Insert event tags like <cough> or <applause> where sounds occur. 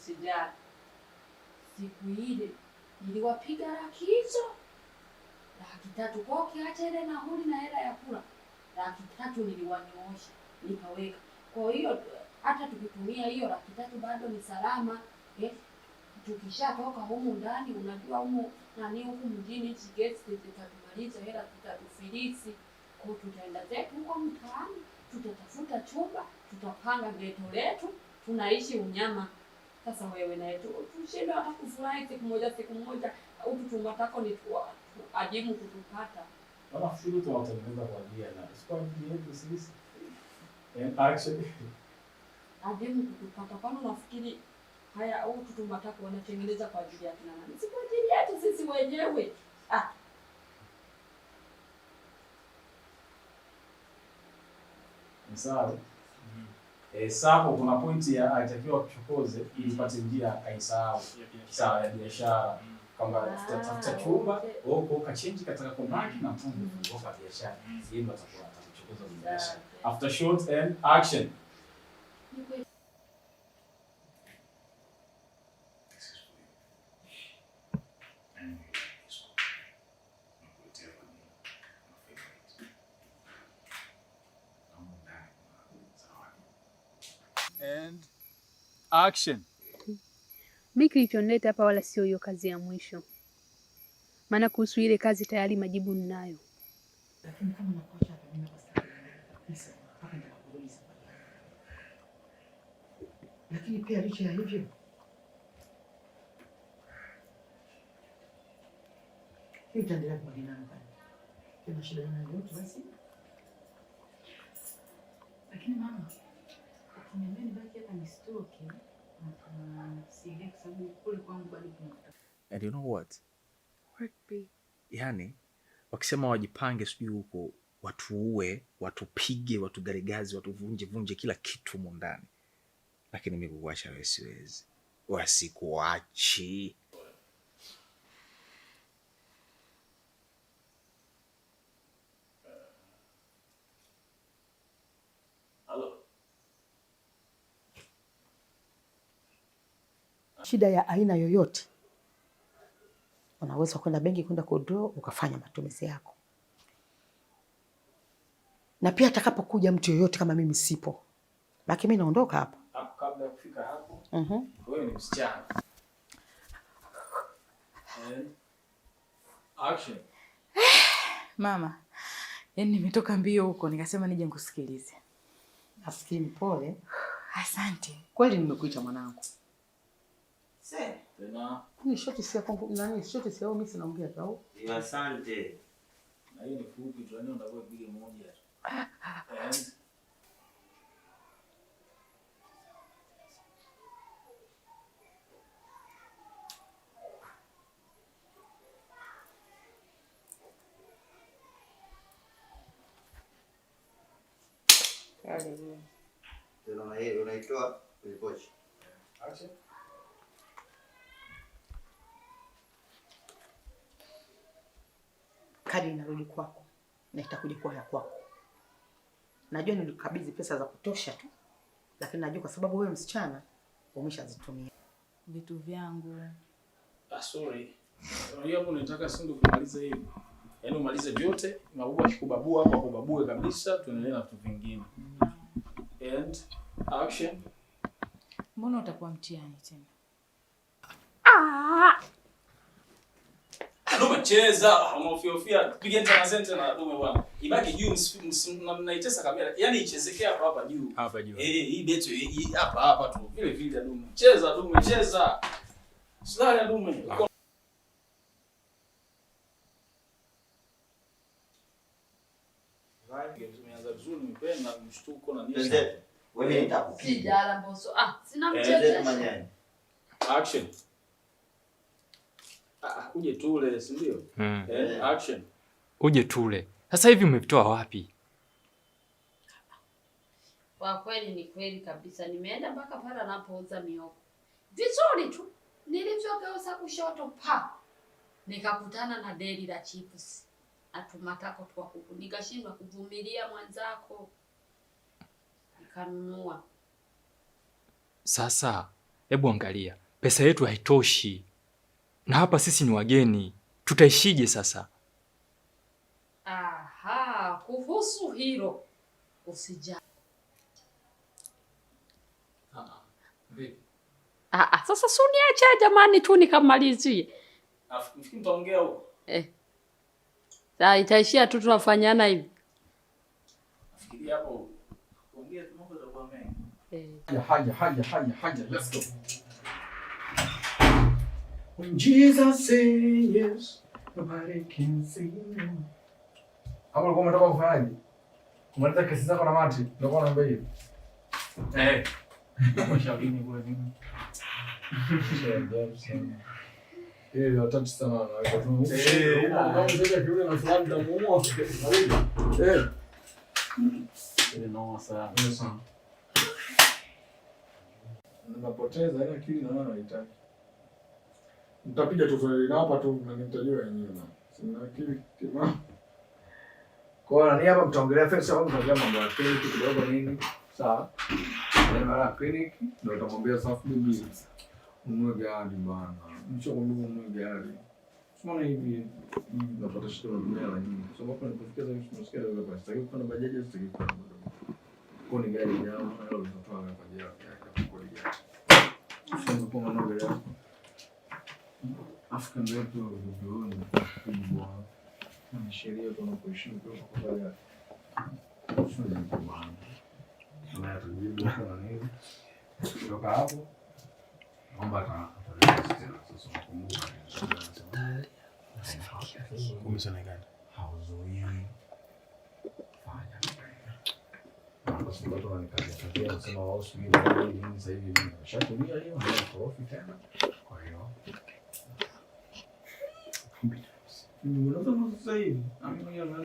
sijala. Siku ile niliwapiga laki hizo, laki tatu kwa ukiacha ile nauli na hela ya kula, laki tatu niliwanyoosha nikaweka. Kwa hiyo hata tukitumia hiyo laki tatu bado ni salama eh? Tukishatoka humu ndani, unajua humu nani, huku mjini hichi gesi zitatumaliza hela, tutatufilisi kwa, tutaenda zetu huko mtaani, tutatafuta chumba, tutapanga geto letu, tunaishi unyama. Sasa wewe naye tushindwe hata kufurahi siku moja, siku moja au ututumatako ni ajimu kutupata wanafikiri tunawatengeneza kwa ajili ya nani? Si kwa ajili yetu sisi. Adimu kutupata, nini unafikiri haya au tutumatako wanatengeneza kwa ajili ya kina nani? Si ajili yetu sisi wenyewe. Ah. Msaada. Eh, sako kuna pointi ya alitakiwa kuchokoze ili upate njia akaisahau sawa ya biashara kwamba tutatafuta ah, chumba huko kwa kachenji kataka kumaki na mfumo kwa kwa biashara yeye ndo atakuwa atakuchokoza biashara after short and action And action. Mi kilichonileta hapa wala sio hiyo kazi ya mwisho, maana kuhusu ile kazi tayari majibu ninayo. Lakini pia licha ya hivyo basi, lakini mama And you know what? What be. Yani, wakisema wajipange sijui huko watuue, watupige, watugarigazi, watuvunje vunje kila kitu humo ndani. Lakini mimi kukuacha wewe siwezi. Wasikuachi. shida ya aina yoyote, unaweza kwenda benki kwenda kudraw ukafanya matumizi yako, na pia atakapokuja mtu yoyote kama mimi sipo, baki mimi naondoka hapa. hapo, mhm. eh, <sighs> Mama, yani nimetoka mbio huko nikasema nije nikusikilize. Nafikiri pole. <sighs> Asante. Kweli nimekuita mwanangu. Tena. Ni shoti sio yako nani? Shoti sio mimi sinaongea tu. Eh, asante. Na hiyo ni fupi tu, ndio yaani ndakuwa moja. Haleluya. Yaani. Ndio na yeye unaitoa kwenye kochi. Acha. kadi inarudi kwako na itakuja kuwa ya kwako. Najua nilikabidhi pesa za kutosha tu, lakini najua kwa sababu wewe msichana umeshazitumia vitu vyangu. Asuri, ah, unajua hapo nataka ndo kumaliza hivi, yaani umalize vyote, mabubu akikubabua hapo akubabue kabisa, tuendelee na vitu vingine. And action. Mbona utakuwa mtihani tena? Ah! kucheza unaofiofia ah, piga tena sente na dume bwana, ibaki juu, mnaitesa kamera, yani ichezekea hapa hapa juu hapa juu. Eh, eh hii beto eh, hapa hapa tu vile vile ya dume, cheza dume, cheza sala ya dume. Ah. Ah, Action. Ah, ah, uje tule, si ndio? Mm. Eh, action. Uje tule. Sasa hivi umevitoa wapi? Kwa kweli ni kweli kabisa, nimeenda mpaka pale anapouza mihogo vizuri tu, nilivyogeuza kushoto pa nikakutana na deli la chips atumatako twa kuku, nikashindwa kuvumilia mwanzako, nikanunua. Sasa hebu angalia, pesa yetu haitoshi na hapa sisi ni wageni, tutaishije sasa? Aha, kuhusu hilo usija Aa, ah, ah, ah, sasa suniacha jamani tu nikamalizie. Nafikiri mtaongea huko. Eh. Sasa itaishia tu tunafanyana hivi. Nafikiri hapo ongea tu mambo za kwa mengi. Eh. Haja haja haja haja let's go. When Jesus says yes, nobody can say no. Hapo ulikuwa umetoka kufanyaje? Umaliza kesi zako na mati, ndio kwa naomba hiyo. Eh. Mashaurini kwa nini? Eh, watatu sana na watu. Eh, kama mzee kiule na fulani tamuua. Eh. Ile noma sana. Yes. Napoteza ile akili na wanaitaki. Nitapiga tu faili na hapa tu na nitajua yenyewe na. Sina akili kama Kwa hiyo ni hapa mtaongelea pesa au mtaongelea mambo ya clinic kidogo nini? Sawa. Ndio mara clinic ndio utamwambia safu bibi. Ununue gari bana. Mcho kununua ununue gari. Sema hivi mm. napata shida na dunia la nyingi. Kwa sababu kuna kufikia za mtu msikia za basi. Sitaki kuna bajaji sitaki kupanda. Kwa ni gari jamaa au mtoto kwa ajili ya kwa ajili ya. Sasa kwa mwanangu ficando dentro do Bruno, ficando né, borrado. Não cheguei, eu tô no coxinho, então eu vou trabalhar. Fazendo borrado. Neto, de Bolsonaro, jogava. Vamos bater Começou negando. Chato, aí, um real, coffee, cara. Bilmez. Numarada mı zayıf? Ama yarın